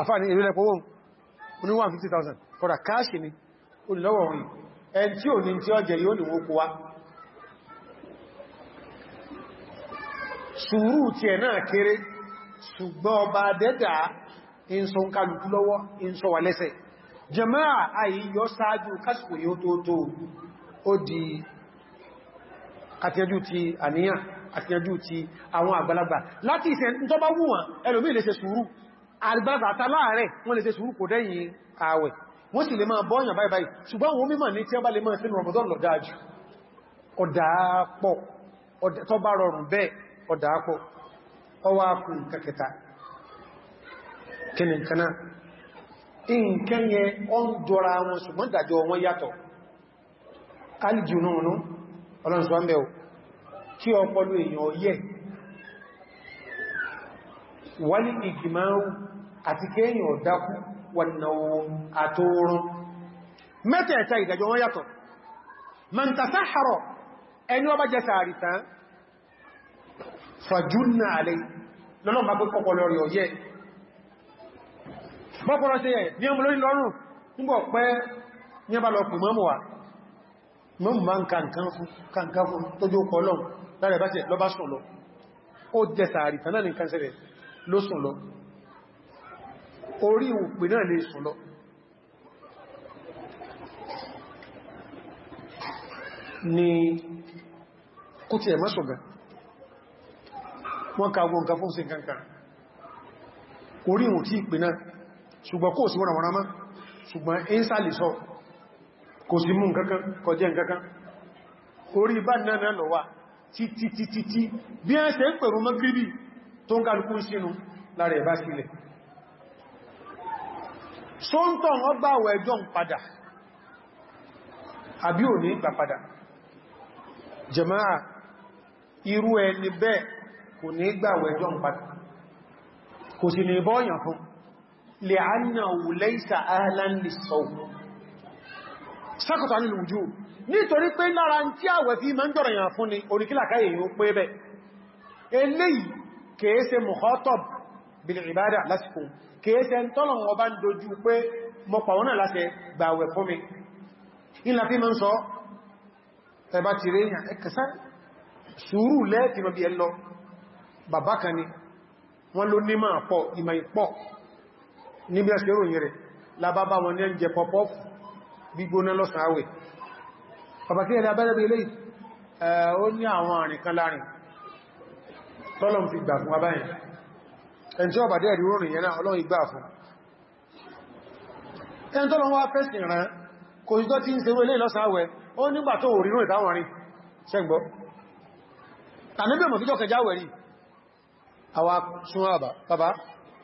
àfáà ní èrè lẹ́pọ̀ wọ́n ní 150,000 kọ́dà káàṣì ni olùlọ́wọ̀ wọn ẹn tí ò ní tí ọjẹ́ yóò ní wó kúwá sùúrù tí ẹ̀ náà lẹ́sẹ̀ẹ́ jama'a àyí yọ sáájú kásìkò yóò tó tó ó di àtẹ́jú ti àníyàn àtẹ́jú ti àwọn àgbàlagbà láti ìsẹ̀ tó bá wù wọn ẹlòmí lè ṣe sùúrù àgbàlagbà àtàláàrẹ̀ wọ́n lè ṣe sùúrù kò dẹ́yìn ààwẹ̀ wọ́n sì lè máa bọ́ọ̀yàn báyìí ṣùgbọ́n wọn mímọ̀ ní tí ó lè máa Ramadan lọ dáájú ọ̀dàápọ̀ tó bá rọrùn bẹ́ẹ̀ ọ̀dàápọ̀ ọwá nǹkan yẹn ọ ń jọra wọn ṣùgbọ́n ìdàjọ wọn yàtọ̀ kálìjì náà kí ọ ọpọlọ èèyàn yẹ wálì ìgbìmáwó àti kéèyàn dákú wọnàwó àtòrún mẹ́tẹ̀ẹ̀ta ìdàjọ wọn yàtọ̀ mọ̀ntàsá harọ̀ ẹni jẹ bọ́kọ̀rọ̀ ṣe yẹ ní ọmọ lórí lọ́rùn nígbọ̀ pẹ́ ní ọba lọ pùn mọ́mù wa mọ́mù máa ń kankan fún tójú ọkọ̀ lọ láàrẹ̀ bá tẹ̀ lọ bá sùn lọ ó jẹ sàárì tánà ní kan sẹ́rẹ̀ ló sùn lọ orí òpè náà lè sùn lọ ni kó ti ẹ̀mọ́ ṣọ̀gá wọ́n ṣùgbọ́n kò sí wọ́n wọ́n mọ́ ṣùgbọ́n ìsàlì sọ kò sí mú nǹkankan kọjẹ́ nǹkankan orí bá náà lọ wà títítítí bí ẹ́ ṣe ń pẹ̀rún mọ́gírí tó ń kálukú sínú lára ẹ̀bá sílẹ̀ kò ní gbà wọ ń padà kò sì ní bọ́ọ̀yàn fún لأنه ليس أهلا للصوم سقط عن الوجوب nítorí pé lára tí àwẹ̀ fi máa ń jọ̀rọ̀ yàn fún ni oríkílàkáyè yóò pé bẹ́ eléyìí kèé ṣe mọ̀họ́tọ̀b bil ìbádà lásìkò kèé ṣe ń tọ́lọ̀ ọba ń dojú pé mọ̀pàwọ́nà láti gbàwẹ̀ fún mi ìlà fi máa ń sọ níbi ẹ̀sẹ̀ ìròyìn rẹ̀ lábábá wọn ní ẹ̀jẹ̀ pọ̀pọ̀ gbígbóná lọ́sàn àwẹ̀ pàpàkì ẹ̀lẹ́ abẹ́rẹ́bẹ̀ ilé ó ní àwọn àrìn kan láàrin tọ́lọ̀m fi gbà fún abáyìn ẹn tí ó bàdé ẹ̀rí orin yẹn náà ọlọ́run igbá fún ẹn tọ́lọ̀m wá fẹ́sìn rán kò sí tó ti ń sewé rí àwa súnwà bàbá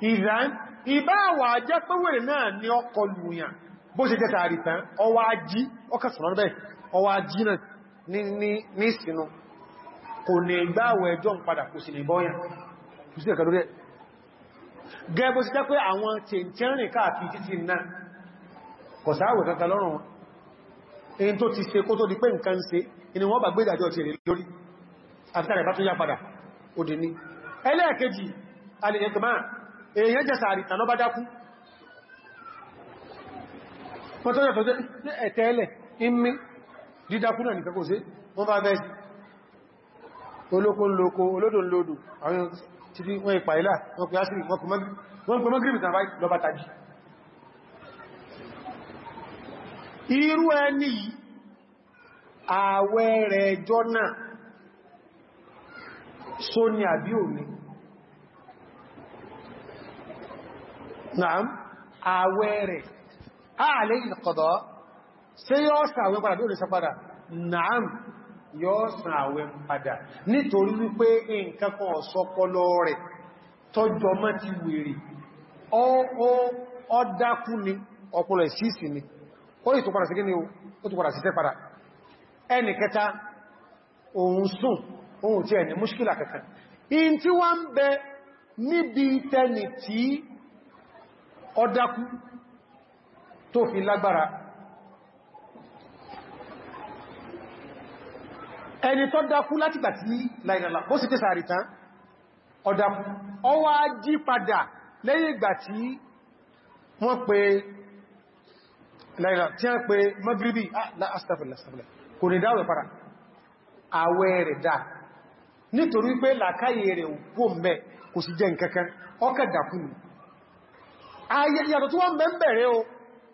ìdán ìbá wà jẹ́ pẹ́wẹ̀rẹ̀ náà ní ọkọ̀ lùyàn bó ṣe jẹta àrìtàn ọwá jí ọkàsùnmọ́bẹ̀ ọwá jí náà ní ìsinú kò ní gbáwẹ̀ ẹjọ́ padà kò sì lè bọ́yàn kò sí ẹ̀kà lórí ẹ̀ gẹ́ bó ṣe jẹ́ pé àwọn tẹ̀ntẹ́rìn káàkiri títí náà kò sáàwẹ̀ kankan lọ́rùn wọn èyí tó ẹlẹ́ẹ̀kejì alìyẹ̀kùnmáà èèyàn jẹ́ sàárì tàn lọ́bá dákú wọ́n tó yẹ̀fẹ́ ẹ̀tẹ́ẹ̀lẹ̀ inmi dídákú náà nìkan kò sí wọ́n bá bẹ́ẹ̀ olóko lóko olódò lódò àwọn tí wọ́n ipa ilá wọ́n pẹ̀ ásìrì wọ́n pẹ̀ mọ́gírì tàbí lọ́bá tàbí irú ẹni àwẹ́ rẹ̀ jọ náà só ní àbí òní Naam, àwẹ̀ rẹ̀, ààlẹ́ ìlẹ̀kọ̀dọ̀, ṣe yóò sàwẹ́ padà bí olùsọ padà? Naam, yóò sàwẹ́ padà. Nítorí wípé nǹkan kan ọ̀sọ́pọlọ rẹ̀ tọ́jọ mọ́ ti wèrè, ọ dákú ni, ọpọlọ ìsìsì ni, ó ì tó padà sí gíní ó tó padà sí tẹ́ padà. Ẹni kẹta, òun sùn, òun tí ẹni, múṣkílà kẹta. In tí ń bẹ níbi tẹni tí ọdákú tó fi lágbára ẹni tó dákú láti gbàtí láìrànlá ó sì tẹ́ sàárì tán ọdákú ó wá jí padà lẹ́yìn ìgbà wọ́n pe láìrànlá tí wọ́n pe magribi ah la astagfirullah astagfirullah kò ní dáwẹ̀ para àwẹ̀ rẹ̀ dá nítorí pé làkáyẹ̀ rẹ̀ kò mẹ́ kò sì jẹ́ nǹkankan ọkà dákú ni ayẹyàtọ̀ tí wọ́n bẹ̀rẹ̀ o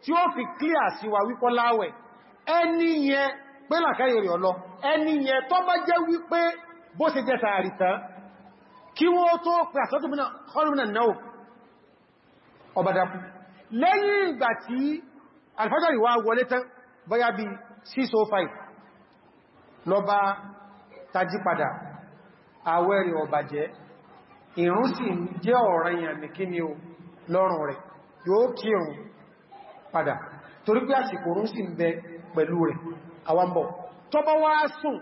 tí ó fi clear sí wa wípọ́ láwẹ̀ ẹni yẹn pé làkáyẹ̀ rẹ̀ ọlọ ẹni yẹn tó bá jẹ́ wípé bó ṣe jẹ́ sàárì tán kí wọ́n tó pẹ̀ àtọ́tùmínà náà ọbàdàpù lẹ́yìn ìgbà tí alfajari wá wọlé tán bóyá bí 605 lọ bá tají padà àwẹ́rẹ̀ rẹ̀ yóò kírun padà torí pé àsìkò oorun sì ń bẹ pẹ̀lú rẹ̀ àwambọ̀ tó bá wá sùn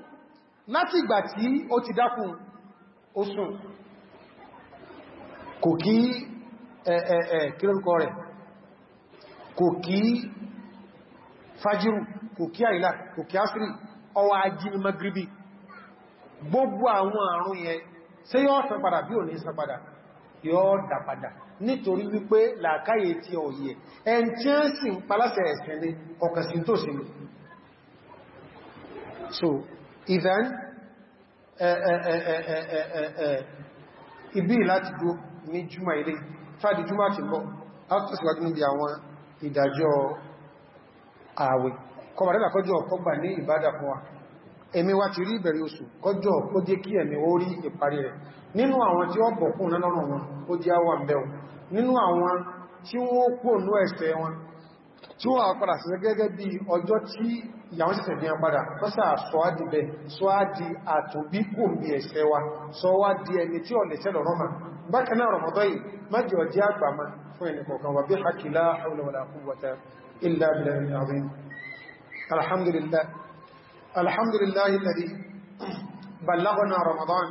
láti ìgbà tí ó ti dákun ó sùn kò kí ẹ̀ẹ̀ẹ̀ kírórúkọ rẹ̀ kò kí fajiru kò kí àìlà kò kí asiri ọwà ajín magribi gbogbo àwọn àrùn yẹn ṣé yóò san padà bí ò ní san padà yóò dàpadà nítorí wípé làkáyè tí ó yẹ ẹn tí ó sì ń paláṣẹ ẹ̀sìn ní ọkàsí tó sí so even ibi láti dó ní júmà ilé fàdí júmà ti lọ látọ̀síwájú níbi àwọn ìdájọ́ ààwẹ̀ kọmọ̀dẹ́lá kọjọ́ ọ̀pọ̀gbà ní ìbádà fún wa èmi wá ti rí ìbẹ̀rẹ̀ oṣù kọjọ́ kó jẹ́ kí ẹ̀mí ó rí ìparí rẹ̀ nínú àwọn tí ó bọ̀kún lọ́rùn wọn ó jẹ́ àwọn àbẹ̀wò nínú àwọn tí wọ́n kú ònú ẹ̀ṣẹ̀ wọn tí wọ́n àpàdà sí gẹ́gẹ́ bí ọjọ́ tí ìyàwó ṣẹ̀ṣẹ̀ ní apadà lọ́sà sọ́ádìbẹ̀ sọ́ádì àtòbí kò bí ẹ̀ṣẹ̀ wa sọ́wádì ẹni tí ọ̀lẹ̀ṣẹ̀ lọ́rọ̀ الحمد لله الذي بلغنا رمضان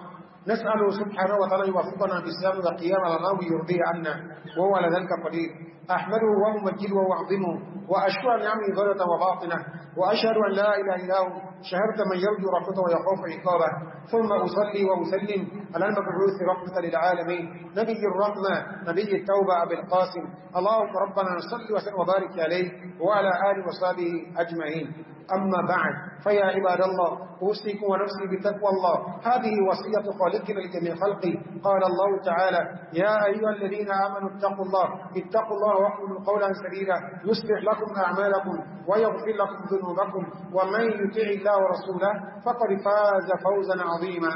نسأله سبحانه وتعالى يوفقنا بالسلام والقيام على الله ويرضيه عنا وهو على ذلك قدير أحمده وممجده وأعظمه وأشكر نعمه ظاهرة وباطنة وأشهد أن لا إله إلا هو شهرت من يرجو رحمته ويخاف عقابه ثم أصلي وأسلم على المبعوث رحمة للعالمين نبي الرحمة نبي التوبة أبي القاسم اللهم ربنا نصلي وسلم وبارك عليه وعلى آله وصحبه أجمعين أما بعد فيا عباد الله أوصيكم ونفسي بتقوى الله هذه وصية خالقنا لجميع خلقه قال الله تعالى يا أيها الذين آمنوا اتقوا الله اتقوا الله واقولوا قولا سبيلا يصلح لكم أعمالكم ويغفر لكم ذنوبكم ومن يطع الله الله ورسوله فقد فاز فوزا عظيما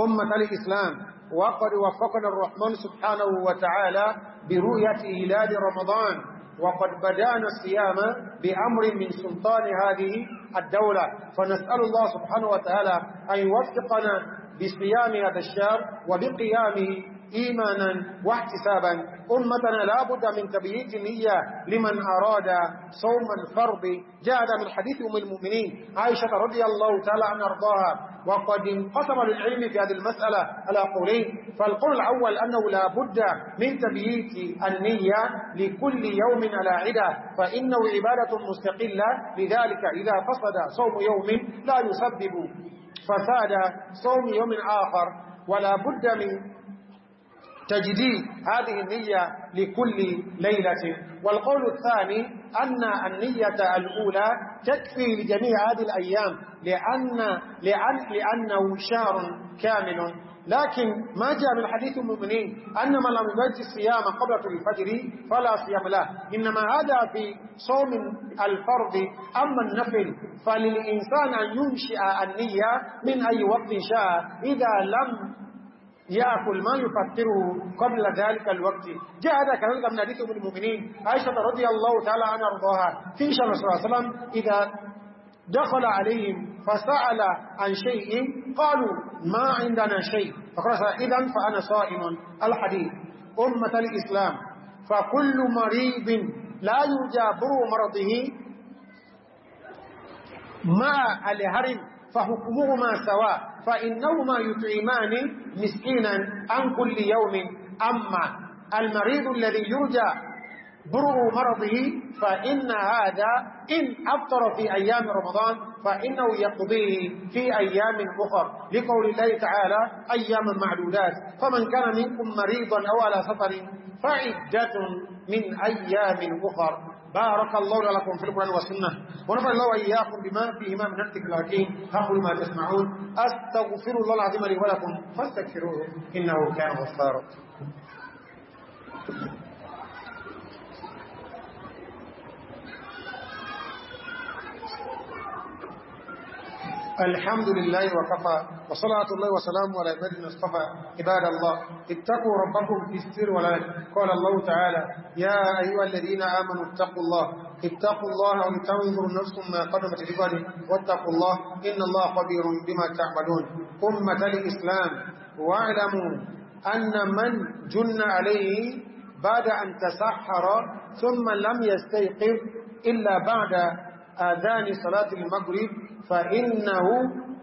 أمة الإسلام وقد وفقنا الرحمن سبحانه وتعالى برؤية إيلاد رمضان وقد بدأنا الصيام بأمر من سلطان هذه الدولة فنسأل الله سبحانه وتعالى أن يوفقنا بصيام هذا الشهر وبقيامه إيمانا واحتسابا أمتنا لا بد من تبييت النية لمن أراد صوم الفرض جاء من حديث أم المؤمنين عائشة رضي الله تعالى عن أرضاها وقد انقسم للعلم في هذه المسألة على قولين فالقول الأول أنه لا بد من تبييت النية لكل يوم على عدة فإنه عبادة مستقلة لذلك إذا فصد صوم يوم لا يسبب فساد صوم يوم آخر ولا بد من تجدي هذه النية لكل ليلة والقول الثاني أن النية الأولى تكفي لجميع هذه الأيام لأن, لأن لأنه شهر كامل لكن ما جاء من حديث المؤمنين أن من لم يبيت الصيام قبل الفجر فلا صيام له إنما هذا في صوم الفرض أما النفل فللإنسان أن ينشئ النية من أي وقت شاء إذا لم يأكل ما يفكره قبل ذلك الوقت جاء هذا كذلك من حديث أم المؤمنين عائشة رضي الله تعالى عنها أرضاها في شهر صلى الله عليه وسلم إذا دخل عليهم فسأل عن شيء قالوا ما عندنا شيء فقال إذا فأنا صائم الحديث أمة الإسلام فكل مريض لا يجابر مرضه مع الهرم فحكمهما سواء فإنهما يطعمان مسكينا عن كل يوم أما المريض الذي يرجى برء مرضه فإن هذا إن أفطر في أيام رمضان فإنه يقضيه في أيام أخر لقول الله تعالى أياما معدودات فمن كان منكم مريضا أو على سفر فعدة من أيام أخر بارك الله لكم في القرآن والسنة ونفع الله وإياكم بما فيهما من أنتك الحكيم أقول ما تسمعون أستغفر الله العظيم لي ولكم فاستغفروه إنه كان غفارا الحمد لله وكفى وصلاة الله وسلامه على عباده المصطفى عباد الله اتقوا ربكم في السر والعلن قال الله تعالى يا أيها الذين آمنوا اتقوا الله اتقوا الله ولتنظر نفس ما قدمت لغد واتقوا الله إن الله خبير بما تعملون أمة الإسلام واعلموا أن من جن عليه بعد أن تسحر ثم لم يستيقظ إلا بعد آذان صلاة المغرب فإنه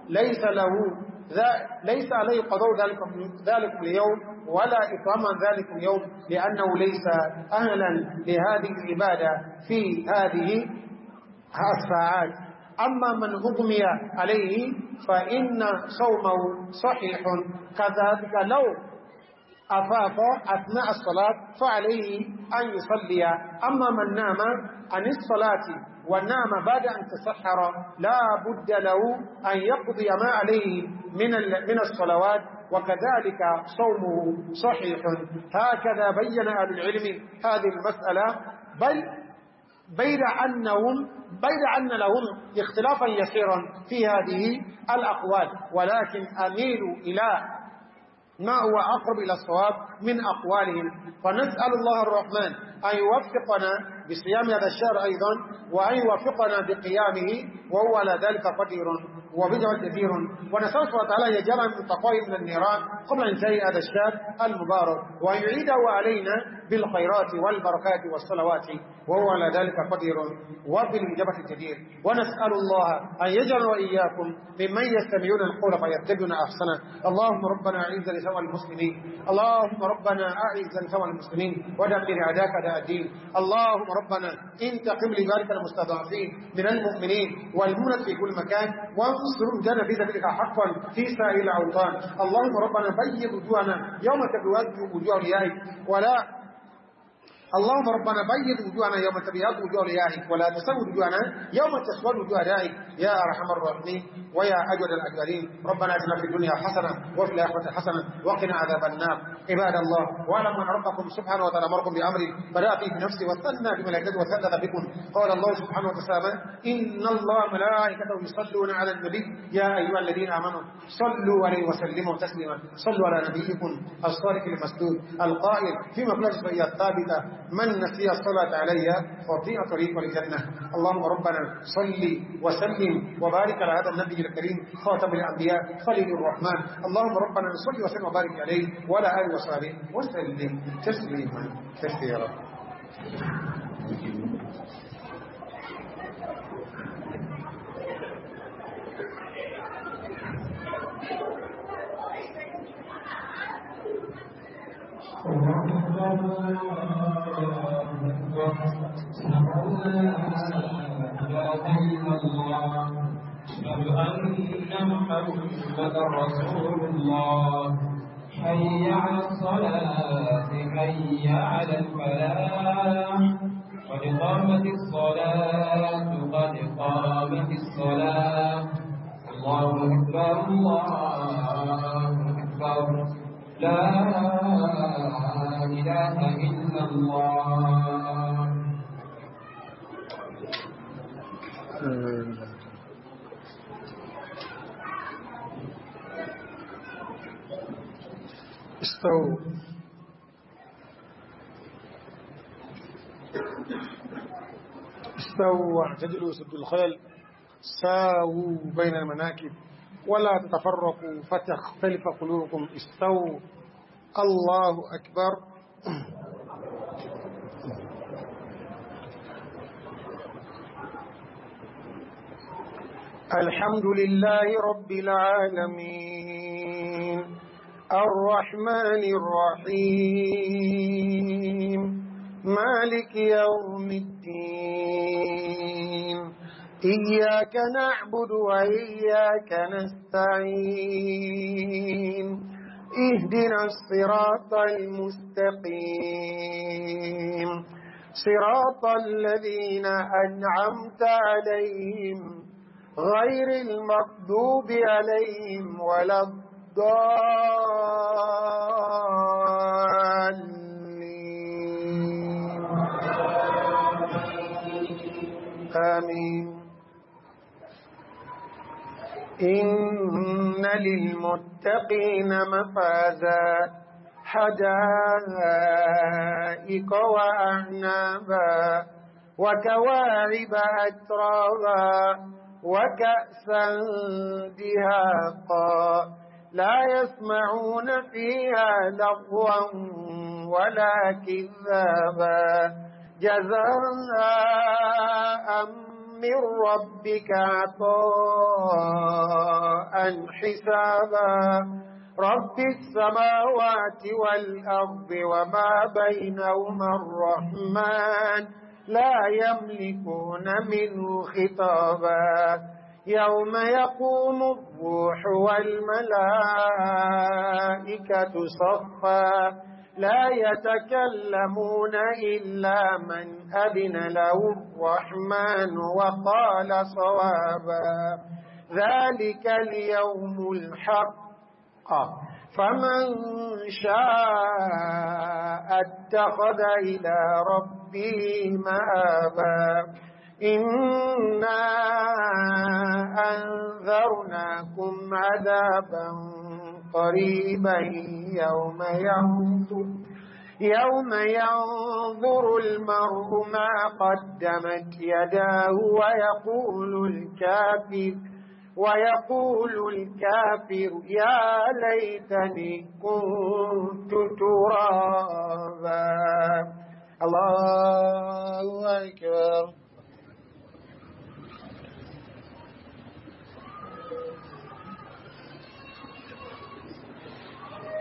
ليس له ليس عليه قضاء ذلك ذلك اليوم ولا إكراما ذلك اليوم لأنه ليس أهلا لهذه العبادة في هذه الساعات أما من أغمي عليه فإن صومه صحيح كذلك لو أفاق أثناء الصلاة فعليه أن يصلي أما من نام عن الصلاة ونام بعد أن تسحر لا بد له أن يقضي ما عليه من, من الصلوات وكذلك صومه صحيح هكذا بين أهل العلم هذه المسألة بل بيد أنهم بيد أن لهم اختلافا يسيرا في هذه الأقوال ولكن أميل إلى ما هو أقرب إلى الصواب من أقوالهم فنسأل الله الرحمن أن يوفقنا بصيام هذا الشهر أيضا وأن يوفقنا بقيامه وهو على ذلك قدير وبدع كثير ونسأل الله تعالى يجعل من تقائم من النيران قبل ينتهي هذا الشاب المبارك وأن يعيده علينا بالخيرات والبركات والصلوات وهو على ذلك قدير وبالمجابة الجدير ونسأل الله أن يجعل وإياكم ممن يستمعون القول فيتبعون أحسنه اللهم ربنا أعز لسوى المسلمين اللهم ربنا أعز لسوى المسلمين ودمر عداك داء الدين اللهم ربنا انتقم لبارك المستضعفين من المؤمنين والمؤمنات في كل مكان وانصر سرور جنة في حقا في سائر الأوطان اللهم ربنا بيض وجوهنا يوم تبيض وجوه ريائك ولا اللهم ربنا بيض وجوهنا يوم تبيض وجوه أوليائك ولا تسود وجوهنا يوم تسود وجوه أوليائك يا أرحم الراحمين ويا أجود الأجودين ربنا أتنا في الدنيا حسنة وفي الآخرة حسنة وقنا عذاب النار عباد الله واعلموا أن ربكم سبحانه وتعالى أمركم فلا في نفسي واستنى بملائكته وثلث بكم قال الله سبحانه وتعالى إن الله ملائكته يصلون على النبي يا أيها الذين آمنوا صلوا عليه وسلموا تسليما صلوا على نبيكم الصالح المسدود القائل في مفلسفة الثابتة من نسي الصلاة علي خطيئة طريق الجنة اللهم ربنا صل وسلم وبارك على هذا النبي الكريم خاتم الأنبياء خليل الرحمن اللهم ربنا صل وسلم وبارك عليه وعلى آله وصحبه وسلم تسليما كثيرا أن محمد رسول الله حي على الصلاة حي على الفلاح قد قامت الصلاة قد قامت الصلاة الله أكبر الله أكبر لا إله إلا الله استووا استووا واعتدلوا سد الخلل ساووا بين المناكب ولا تتفرقوا فتختلف قلوبكم استووا الله أكبر الحمد لله رب العالمين الرحمن الرحيم مالك يوم الدين إياك نعبد وإياك نستعين اهدنا الصراط المستقيم صراط الذين أنعمت عليهم غير المغضوب عليهم ولا الضالين آمين إن للمتقين مفازا حدائق وأعنابا وكواعب أترابا وكأسا دهاقا لا يسمعون فيها لغوا ولا كذابا جزاء من ربك عطاء حسابا رب السماوات والأرض وما بينهما الرحمن لا يملكون منه خطابا يوم يقوم الروح والملائكة صفا لا يتكلمون إلا من أذن له الرحمن وقال صوابا ذلك اليوم الحق فمن شاء اتخذ إلى ربه مآبا إنا أنذرناكم عذابا قريبا يوم ينظر يوم ينظر المرء ما قدمت يداه ويقول الكافر ويقول الكافر يا ليتني كنت ترابا الله أكبر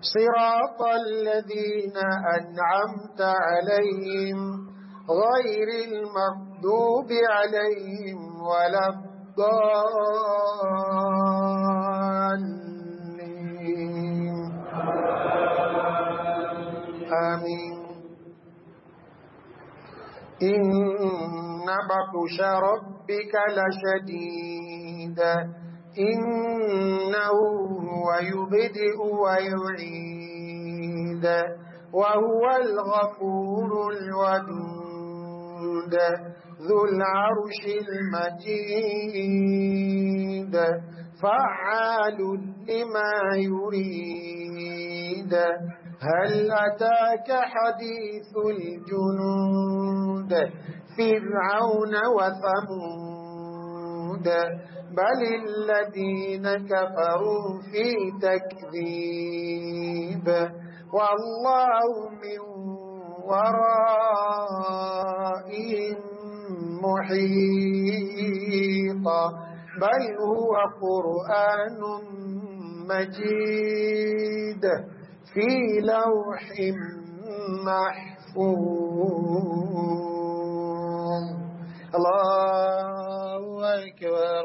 صراط الذين أنعمت عليهم غير المغضوب عليهم ولا الضالين آمين إن بطش ربك لشديد إنه هو يبدئ ويعيد وهو الغفور الودود ذو العرش المجيد فعال لما يريد هل أتاك حديث الجنود فرعون وثمود بل الذين كفروا في تكذيب والله من ورائهم محيطا بل هو قرآن مجيد في لوح محفوظ الله أكبر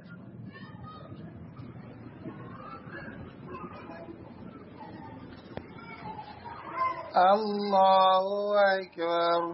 الله أكبر